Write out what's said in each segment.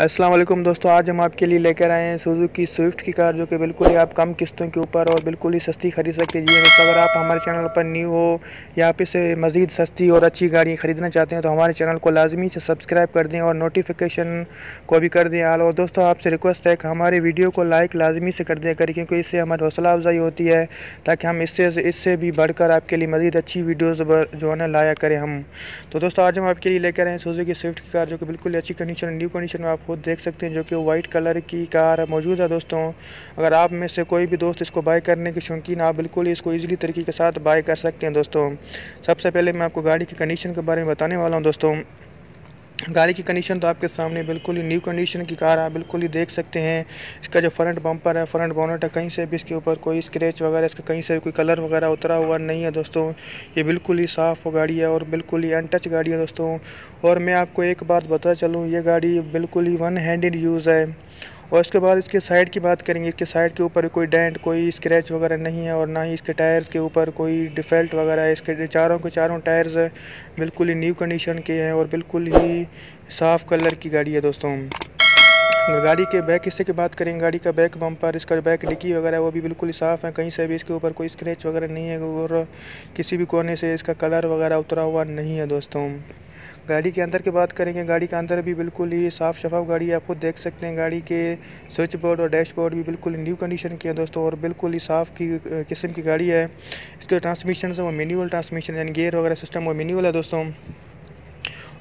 असलम दोस्तों आज हम आपके लिए लेकर आए हैं सुजू की स्विफ्ट की कार जो कि बिल्कुल ही आप कम किस्तों के ऊपर और बिल्कुल ही सस्ती खरीद सकते हैं दोस्तों अगर आप हमारे चैनल पर न्यू हो या आप इसे मज़ीद सस्ती और अच्छी गाड़ियाँ ख़रीदना चाहते हैं तो हमारे चैनल को लाजमी से सब्सक्राइब कर दें और नोटिफिकेशन को भी कर दें और दोस्तों आपसे रिक्वेस्ट है कि हमारे वीडियो को लाइक लाजमी से कर दिया करें क्योंकि इससे हमारी हौसला अफजाई होती है ताकि हम इससे इससे भी बढ़कर आपके लिए मज़ीद अच्छी वीडियोज़ जो है ना लाया करें हम तो दोस्तों आज हम आपके लिए लेकर आए हैं सुजू की स्विफ्ट की कार जो कि बिल्कुल अच्छी कंडीशन न्यू कंडीशन में आप आप खुद देख सकते हैं जो कि वाइट कलर की कार मौजूद है दोस्तों अगर आप में से कोई भी दोस्त इसको बाय करने के शौकीन आप बिल्कुल इसको ईजिली तरीके के साथ बाय कर सकते हैं दोस्तों सबसे पहले मैं आपको गाड़ी की कंडीशन के बारे में बताने वाला हूँ दोस्तों गाड़ी की कंडीशन तो आपके सामने बिल्कुल ही न्यू कंडीशन की कार आप बिल्कुल ही देख सकते हैं इसका जो फ्रंट बम्पर है फ्रंट बोनट है कहीं से भी इसके ऊपर कोई स्क्रैच वगैरह इसका कहीं से कोई कलर वगैरह उतरा हुआ नहीं है दोस्तों ये बिल्कुल ही साफ़ गाड़ी है और बिल्कुल ही अनटच गाड़ी है दोस्तों और मैं आपको एक बात बता चलूँ ये गाड़ी बिल्कुल ही वन हैंडेड यूज़ है और उसके बाद इसके साइड की बात करेंगे इसके साइड के ऊपर कोई डेंट कोई स्क्रैच वगैरह नहीं है और ना ही इसके टायर्स के ऊपर कोई डिफेल्ट वगैरह है इसके चारों के चारों टायर्स बिल्कुल ही न्यू कंडीशन के हैं और बिल्कुल ही साफ़ कलर की गाड़ी है दोस्तों गाड़ी के बैक हिस्से की बात करें गाड़ी का बैक बम्पर इसका बैक डिक्की वगैरह वो भी बिल्कुल साफ़ है कहीं से भी इसके ऊपर कोई स्क्रैच वगैरह नहीं है और किसी भी कोने से इसका कलर वगैरह उतरा हुआ नहीं है दोस्तों गाड़ी के अंदर की बात करेंगे गाड़ी के अंदर भी बिल्कुल ही साफ़ शफाफ गाड़ी है आप खुद देख सकते हैं गाड़ी के स्विच बोर्ड और डैशबोर्ड भी बिल्कुल न्यू कंडीशन की है दोस्तों और बिल्कुल ही साफ़ की किस्म की गाड़ी है इसके ट्रांसमिशन है वो मेन्यूअल ट्रांसमिशन यानी गेयर वगैरह सिस्टम वो मेन्यूअल है दोस्तों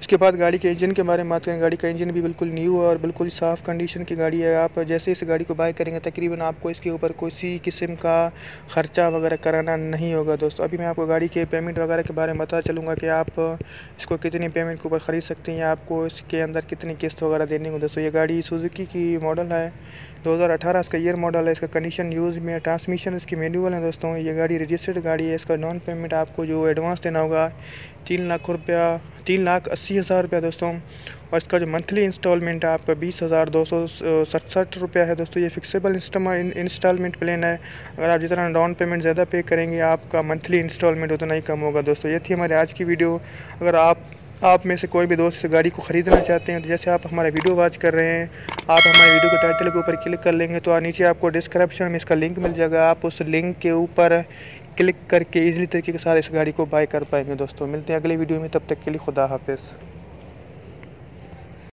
इसके बाद गाड़ी के इंजन के बारे में बात करें गाड़ी का इंजन भी बिल्कुल न्यू है और बिल्कुल साफ़ कंडीशन की गाड़ी है आप जैसे इस गाड़ी को बाय करेंगे तकरीबन आपको इसके ऊपर किसी किस्म का ख़र्चा वगैरह कराना नहीं होगा दोस्तों अभी मैं आपको गाड़ी के पेमेंट वगैरह के बारे में बता चलूँगा कि आप इसको कितनी पेमेंट के ऊपर ख़रीद सकते हैं आपको इसके अंदर कितनी किस्त वगैरह देनी हो दोस्तों ये गाड़ी सुजुकी की मॉडल है अठारह इसका ईयर मॉडल है इसका कंडीशन यूज़ में ट्रांसमिशन इसकी मैनुअल है दोस्तों ये गाड़ी रजिस्टर्ड गाड़ी है इसका नॉन पेमेंट आपको जो एडवांस देना होगा तीन लाख रुपया तीन लाख अस्सी अस्सी हज़ार रुपया दोस्तों और इसका जो मंथली इंस्टॉलमेंट है आपका बीस हज़ार दो सौ सड़सठ रुपया है दोस्तों ये फिक्सेबल इंस्टॉलमेंट प्लान है अगर आप जितना डाउन पेमेंट ज़्यादा पे करेंगे आपका मंथली इंस्टॉलमेंट उतना ही कम होगा दोस्तों ये थी हमारी आज की वीडियो अगर आप आप में से कोई भी दोस्त इस गाड़ी को ख़रीदना चाहते हैं तो जैसे आप हमारा वीडियो वॉच कर रहे हैं आप हमारे वीडियो के टाइटल के ऊपर क्लिक कर लेंगे तो नीचे आपको डिस्क्रिप्शन में इसका लिंक मिल जाएगा आप उस लिंक के ऊपर क्लिक करके ईजिली तरीके के साथ इस गाड़ी को बाय कर पाएंगे दोस्तों मिलते हैं अगली वीडियो में तब तक के लिए खुदा हाफिज़